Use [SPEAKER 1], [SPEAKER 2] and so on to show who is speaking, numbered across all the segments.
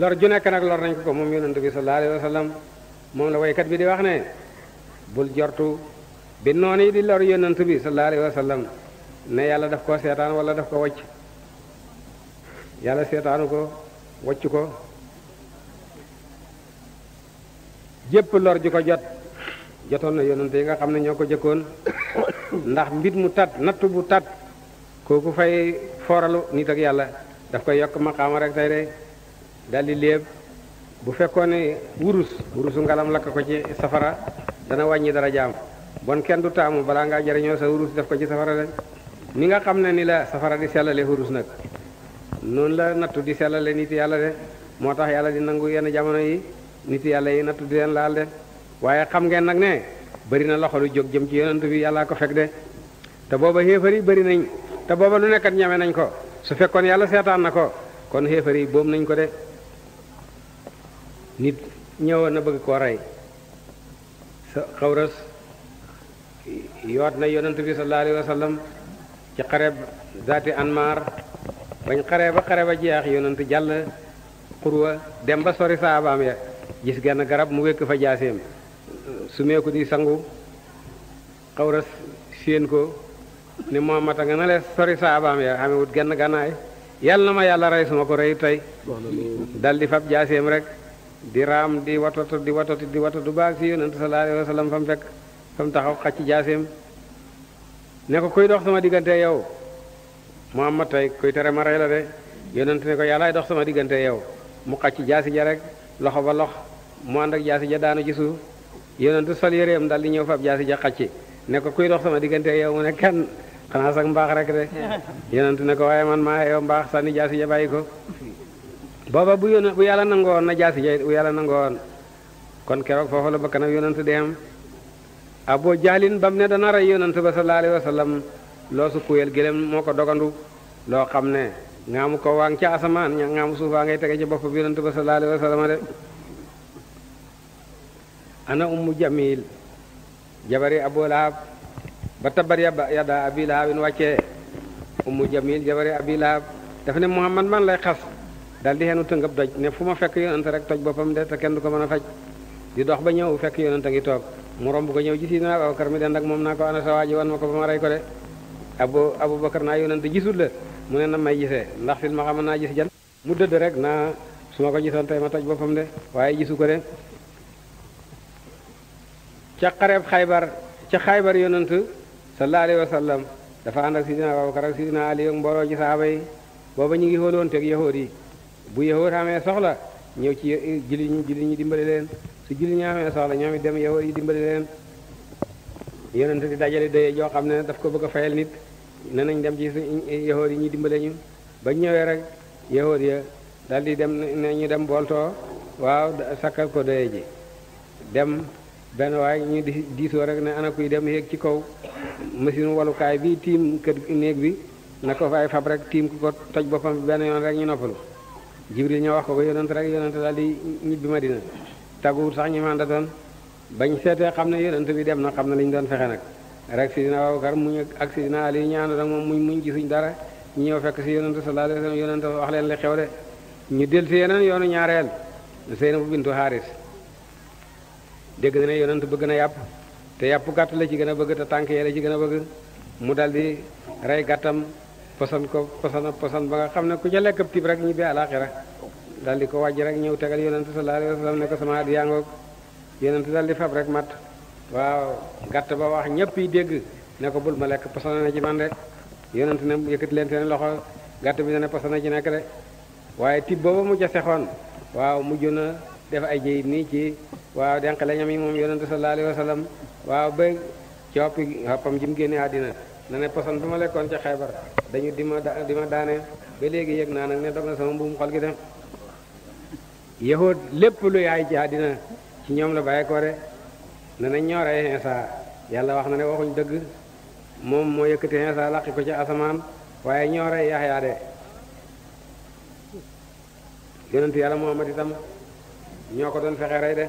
[SPEAKER 1] lor ju nekk nag lor nañ ko ko moom yonent bi sallallahu alayhi wa sallam moom la waykat bi di wax ne bul jortu bi noon yi di lor yonent bi sallallahu alayhi wa sallam ne yàlla def ko seetaan wala def ko wacc yàlla seetaanu ko wacc ko jëpp lor ju ko jot jotoon na yonent yi nga xam ne ñoo ko jëkkoon ndax mbit mu tat natt bu tat kooku fay fooralu nit ak yàlla def ko yokk maqaama rek tey de daldi léeb bu fekkoon ne wurus wurusu ngalam lakk ko ci safara dana wàññi dara jaam bon kenn du taamu balaa ngaa jariñoo sa wurus def ko ci safara de ni nga xam ne ni la safara di sellale wurus nag noonu la nattu di sellale nit yàlla de moo tax yàlla di nangu yenn jamono yi nit yàlla yi nattu di leen laal de waaye xam ngeen nag ne bëri na loxo lu jóg jëm ci yonent bi yàllaa ko fekk de te booba xéefar yi bëri nañ te booba lu nekkat ñame nañ ko su fekkoon yàlla seetaan na ko kon xéefar yi boobu nañ ko de nit ñëwoon na bëgg koo rey sa xawras yoot na yonent bi sallallahu alayhi wa sallam ci xare zaati anmar bañ xare ba xare ba jeex yonent jàll xurwa dem ba sori saabaam ya gis genn garab mu wékk fa jaaseem su meeku di sangu xawras séen ko ni Muhammad a nga na le sori saabaam ya amewut genn gànnaay yàlla na ma yàlla rey suma ko rey tey dal di fab jaaseem rek di raam di watatu di watatu di watatu baag si yonent sallallahu alayhi wa sallam fa mu fekk fa mu taxaw xacc jaaseem ne ko kuy dox sama diggante yow Muhammad tey kuy tere ma rey la ne ko yàllaay dox sama diggante yow mu xacc jaasi ja rek loxo ba lox mu ànd ak jaasi ja daanu ci suuf yonent sol yëreem dal di ñëw fab jaasi ja ci ne ko kuy dox sama diggante yow mu ne kenn xanaa sax mbaax rek de yonent ne ko waaye man maa yow mbaax sànni jaasi ja bàyyi ko booba bu yónn bu yàlla nangoon na jaasi jay bu nangoon kon keroog foofu la bakkanam yonent di am Abu Jaalin ba mu ne dana rey yonent ba sallallahu alayhi wa loo su gélém moo ko dogandu loo xam ne ngaamu ko waa ngi ca asamaan ña ngaamu suufaa ngay tege ci bopp bi yonent ba sallallahu alayhi wa de ana ummu jamil jabari abu lahab ba tabar yadda abi lahabin wàccee ummu jamil jabari abi lahab dafa ne muhammad man lay xas dal di xenu tëngab doj ne fu ma fekk yonent rek toj boppam de te kenn du ko mën a faj di dox ba ñëw fekk yonent a ngi toog mu romb ko ñëw gis naa Abubakar mi den ak moom naa ko ana sa waaji wan ma ko ba ma rey ko de abu Abubakar naa yonent gisul la mu ne na may gisee ndax fi ma xam naa gis jan mu dëdd rek naa su ma ko gisoon tey ma toj boppam de waaye gisu ko de ca xareeb xaybar ca xaybar yonent sallallahu alayhi wa sallam dafa ànd ak sidina Abubakar ak sidina Ali ak mbooloo ci saaba booba ñu ngi xóoloon teg bu yahud amee soxla ñëw ci jullit ñi jullit ñi dimbali leen su jullit ñi amee soxla ñoom it dem yahud yi dimbali leen di dajale doyee joo xam ne daf ko bëgg a fayal nit ne nañ dem ci yahud yi dimbale ñu ba ñëwee rek yahud ya daal di dem ne ñu dem booltoo waaw sakkal ko doyee ji dem benn waay ñu di diisoo rek ne ana kuy dem yéeg ci kaw machine walukaay bi tiim kër néeg bi na ko fay fab rek tiim ku ko toj boppam benn yoon rek ñu noppalu jibril ñoo wax ko ko yonent rek yonent daal di ñibbi madina tàgguwut sax ñi manda doon bañ seetee xam ne yonent bi dem na xam ne liñ doon fexe nag rek sidina Abubakar muñ ak sidina Ali ñaanu nag moom mu muñ gisuñ dara ñu ñëw fekk si yonent sallallahu alayhi wa sallam yonent wax leen li xew de ñu del si yeneen yoonu ñaareel Seynabu bintu Xaaris dégg na ne yonent bëgg na yàpp te yàpp gàtt la ci gën a bëgg te tànk yee ci gën a bëgg mu dal di rey gàttam posan ko posan posan ba nga xam ne ku ca lekk tib rek ñibbi alaxira daal di ko wàjj rek ñëw tegal yonent sallallahu alayhi wa sallam ne ko sama at yaa ngoog yonent daal di fab rek mat waaw gàtt ba wax ñëpp yi dégg ne ko bul ma lekk posan na ci man rek yonent ne yëkkati leen seen loxo gàtt bi ne posan na ci nekk de waaye tib booba mu ca sexoon waaw mujj na def ay jëyit nii ci waaw denq la ñam yi moom yonent sallallahu alayhi wa sallam waaw ba coppi xoppam ji mu génne àddina na ne poson bi ma lekkoon ca xeebar dañu di ma di daane ba léegi yëg naa nag ne dog na sama mbuum xol gi de yahood lépp lu yaay ci àddina ci ñoom la bàyyi ko de ne na ñoo rey yàlla wax na ne waxuñ dëgg moom moo yëkkati Iisaa laqi ko ca asamaan waaye ñoo rey Yaxya de yonent yàlla Muhammad itam ñoo ko doon fexe rey de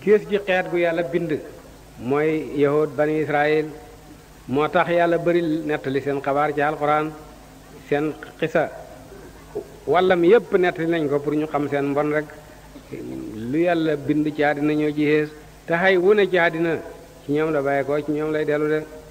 [SPEAKER 1] kiis gi xeet gu yàlla bind mooy yahud bani israil moo tax yàlla bëri nettali seen xabaar ci alquran seen xisa wàllam yépp nettali nañ ko pour ñu xam seen mbon rek lu yàlla bind ci àddina ñoo ci xees te xay ne ci àddina ci ñoom la bàyyi ko ci ñoom lay dellu de